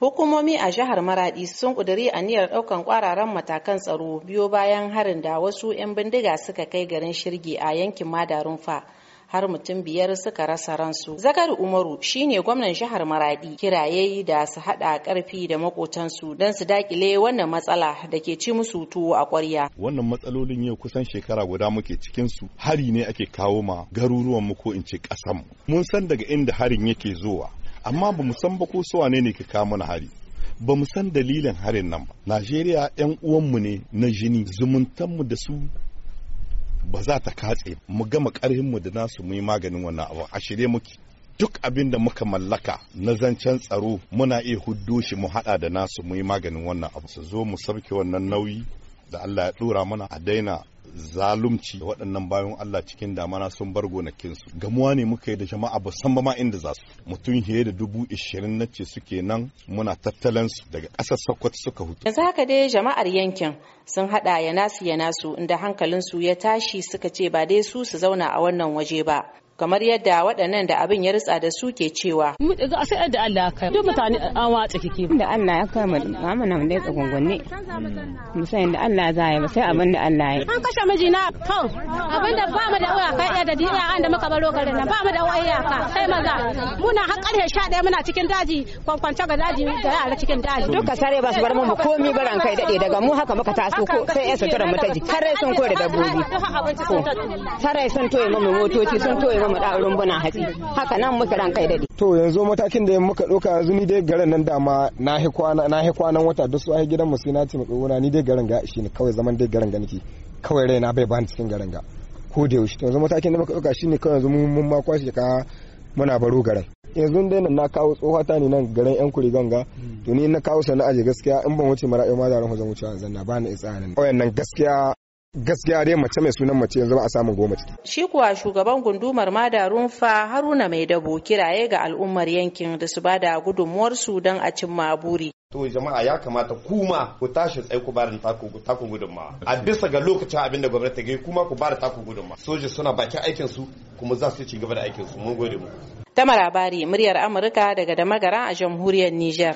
Hukumomi a jihar Maradi sun a aniyar ɗaukan ƙwararan matakan tsaro biyo bayan harin da wasu 'yan bindiga suka kai garin Shirgi a yankin Madarunfa. har mutum biyar suka rasa ransu. Zakar Umaru shine gwamnan jihar Maradi kiraye da su hada karfi da makotansu don su dakile wannan matsala da ke ci musu tuwo a ƙwarya. Wannan matsalolin yau kusan shekara guda muke cikin su hari ne ake kawo ma garuruwan mu ko in ce kasan mu. Mun san daga inda harin yake zuwa amma ba san ba ko su wane ne ka kawo mana hari ba san dalilin harin nan ba najeriya yan uwanmu ne na jini zumuntanmu da su ba za ta katse mu gama karhinmu da nasu mu yi maganin wannan abu a shirye muke duk abin da muka mallaka na zancen tsaro muna iya huddo shi mu hada da nasu mu yi maganin wannan abu su zo mu sauke wannan nauyi da Allah ya dora mana a daina zalunci waɗannan bayan Allah cikin damana sun bar gonakinsu gamuwa ne muka yi da jama'a ba san ba ma inda za su mutum fiye da dubu ishirin na ce suke nan muna tattalin su daga ƙasar Sokoto suka hutu yanzu haka dai jama'ar yankin sun haɗa ya nasu ya nasu inda hankalinsu ya tashi suka ce ba dai su su zauna a wannan waje ba kamar yadda waɗannan da abin ya ritsa da su ke cewa. sai da Allah kai duk mutane an watsa kike da Allah ya kai mu amma nan dai tsagungunne musayin da Allah za ya sai abin da Allah ya an kashe mijina to abin da ba mu da uwa kai da dina an da muka baro garin nan ba mu da uwa ka, sai maza muna har karfe 11 muna cikin daji kwankwance ga daji da yara cikin daji duka sare ba su bar mu komi baran kai dade daga mu haka muka taso ko sai ya sutura mu ta ji sare sun kore dabbobi sare sun toye mu motoci sun toye zo mu da rumbunan hatsi haka nan muka ran kai dade to yanzu matakin da muka ɗauka yanzu ni dai garin nan dama na hi kwana na hi kwanan wata duk su ai gidan mu sai na ce mu ni dai garin ga shi ne kawai zaman dai garin ga nake kawai raina bai bani cikin garin ga ko da yaushe to yanzu matakin da muka ɗauka ne kawai yanzu mun ma kwashe ka muna baro garin yanzu dai nan na kawo tsohata ne nan garin yan kuri ganga to ni na kawo sana'a je gaskiya in ban wuce mara'i ma da ran zan wuce zanna ba ni isa nan wayannan gaskiya gaskiya dai mace mai sunan mace yanzu ba a samun goma ciki. Shi kuwa shugaban gundumar Mada Rumfa Haruna Mai Dabo kiraye ga al'ummar yankin da su bada su don a cimma buri. To jama'a ya kamata kuma ku tashi tsaye ku bada taku gudunmawa. A bisa ga lokacin abin da gwamnati ta kuma ku bada taku gudunmawa. soja suna bakin aikin su kuma za su ci gaba da aikin su. Mun gode mu. Tamara Bari, muryar Amurka daga Damagara a jamhuriyar Nijar.